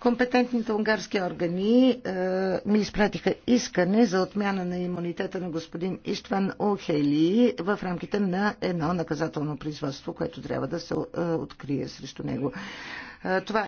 Компетентните унгарски органи е, ми изпратиха искане за отмяна на имунитета на господин Иштван Охели в рамките на едно наказателно производство, което трябва да се е, открие срещу него. Е, това